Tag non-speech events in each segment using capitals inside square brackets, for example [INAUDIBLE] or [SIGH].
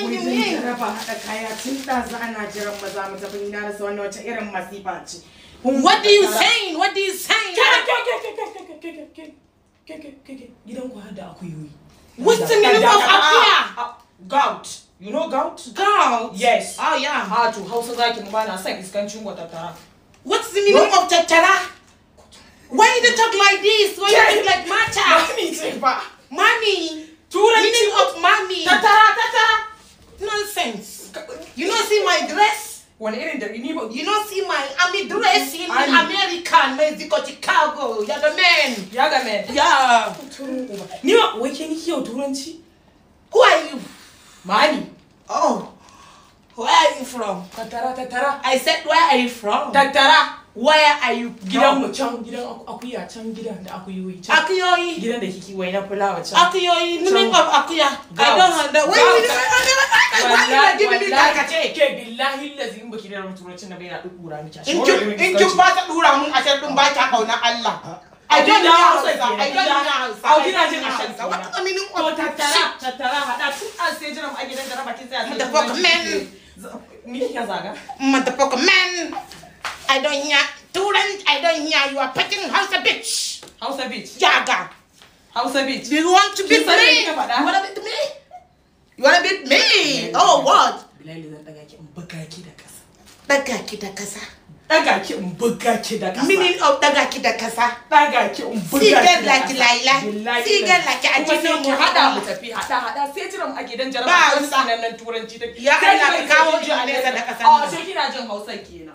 yin yin raba haɗa kaya tun da za ana jiran maza mu tafi na rasa wannan wace irin masifa what do you saying what do you saying gidan ku har da akuyoyi what's the meaning of akuya gout you know gout gout yes oh yeah ha to house a hausa can mu bana son iskancin wata tara what's the meaning of tattara why you talk like this why wanaenda nipo you know see my I'm dressed in I'm American meziko Chicago yaga man yaga man yeah niwa waking here turanci who are you mani oh where are you from tatara tatara I said where are you from tatara waya are you gidan mu can gidan akuya can gidan da yi akuyoyi can akuyoyi gidan da kiki wai na fulawa can akuyoyi meaning of akuya i don't understand wai ni da wallahi wallahi kace ke billahi lazi in baki da mutuncin da bai na dukura miki in kin in kin ba ta dura mun a can dun ba ta kauna Allah I don't know how to say that. I don't know how to say that. I don't know how to say that. What the meaning of tattara? Tattara hada tun an sai jiran a gidan da rabatin sai a sai. fuck man. Ni kika zaga? Motherfucker man. I don't hear I don't hear you are packing house a bitch. House a bitch. Jaga. House a bitch. Do you want to beat me? You wanna beat me? You wanna beat me? Oh what? Daga kasa. Meaning of daga ki da kasa. Daga ki ki da a cikin hada mu tafi hada hada sai I a gidan jarabar. Ba wani sanannen turanci take. Ya ka nesa da kasa. Oh sai kina jin Hausa kenan.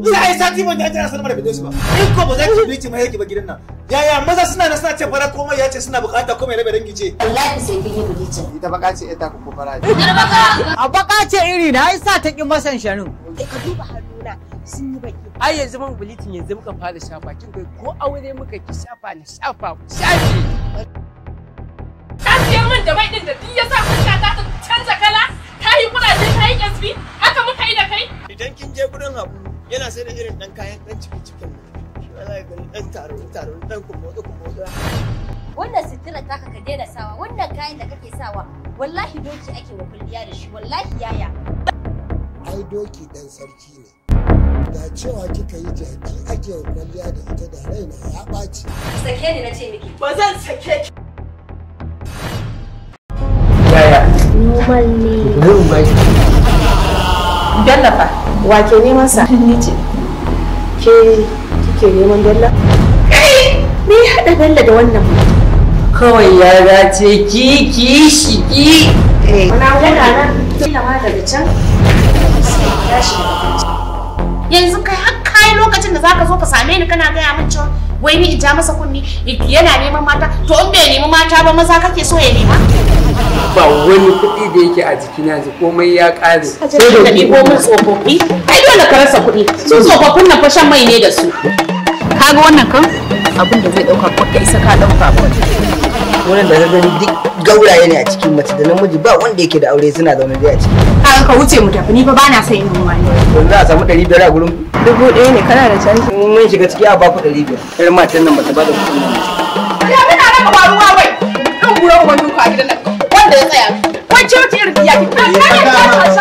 Ni ai sati ban yaji sanar da bidiyo ba. In ko ba za ki yake ba gidan nan. Yaya maza suna nan suna ce fara komai ya ce suna bukata komai rabe dangi ce. Wallahi sai kin yi bidiyo. Ita baka ce ita ku fara. A baka ce iri na ai sa ta ki masan sharin. Eh, ka duba sun yi baki. Ai yanzu man bulitin yanzu muka fara shafa kin kai ko aure muka ki shafa na shafa ku shafi. Ka siyo min da mai din da duk ya sa ta canza kala ta yi kuraje ta yi kasbi. yi da kai? Idan kin je gurin abu yana sai da irin ɗan kayan ɗan cikin cikin ɗan taro taro ɗan kumbotsu kumbotsu. Wannan sitirar taka ka daina sawa wannan kayan da kake sawa wallahi doki ake wa kulliya da shi wallahi yaya. Ai doki ɗan sarki ne. Da cewa kika yi jaki ake wa kwalliya da ita da raina ya ɓaci. Sake ni na ce miki. Ba zan sake ki. Yaya? Normal ne. Normal ne. Dalla Wa ke neman sa? [LAUGHS] Ni ce. Ke kike neman Dalla? Kai! Me ya haɗa Dalla da wannan Kawai ya dace ki ki shi ki. Eh. Ana yana nan kila ma daga can. Yanzu kai har kai lokacin da zaka zo ka same ni kana gaya min cewa wai ni in ja masa kunni yana neman mata to in bai nemi mata ba maza kake so ya nema? ba wani kuɗi da yake a jikina yanzu komai ya ƙare sai da ɗibo mun tsofaffi ai dole ka rasa kuɗi su tsofaffin nan shan mai ne da su kaga wannan kan abin da zai ɗauka kuɗi isa ka ɗauka ba wannan da gani duk gauraye ne a cikin mace da namiji ba wanda yake da aure suna zaune dai a ciki kaga ka wuce mu tafi ni fa bana son yin wani yanzu a samu ɗari biyar a gurin dubu ɗaya ne kana da canji mun shiga ciki a baku ɗari biyar irin matan nan ba ta ba da kuɗin nan ya muna raka ba ruwa wai kan gura uban duka a gidan nan da ya tsaya. ya